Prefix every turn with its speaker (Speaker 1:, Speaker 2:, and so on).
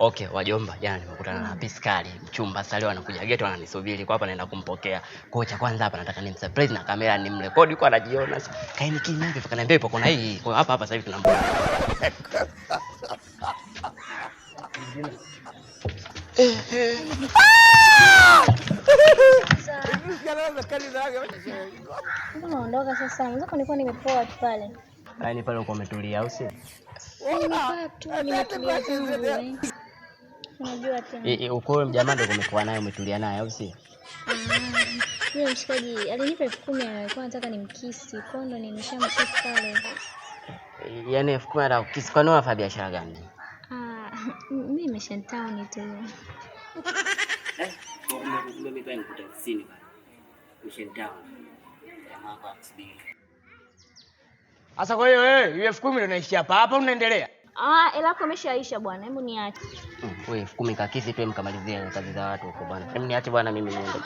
Speaker 1: Okay, wajomba, jana nimekutana na mm. Piskali mchumba sasa, leo anakuja geti, ananisubiri kwa hapa, naenda kumpokea kocha. Kwanza hapa nataka ni surprise na kamera, ni mrekodi, kwa anajiona. sasa. Kaeni kimya hivi, kaniambia mbepo, kuna hii kwa hapa hapa sasa hivi tunamwona.
Speaker 2: Unaondoka sasa, mzako nilikuwa nimepoa tu pale.
Speaker 1: Yaani pale uko umetulia au si? Unajua Eh, Uko mjamaa ndio umekuwa naye umetulia naye au si?
Speaker 2: Ah, yule mshikaji alinipa elfu kumi alikuwa anataka nimkisi. Kwa ndo nimeshamkisi pale.
Speaker 1: Yaani elfu kumi anataka kukisi. Kwa nini biashara gani?
Speaker 2: Ah, mimi nimesha town tu.
Speaker 1: Eh, mimi pia nikuta sini town. Sasa kwa hiyo wewe eh, elfu kumi ndio naishia hapa hapa unaendelea?
Speaker 2: Ah, ela yako bwana. Hebu niache.
Speaker 1: Hmm, wewe kumi kakisi tu mkamalizie kazi za watu huko bwana. Hebu niache bwana mimi niende.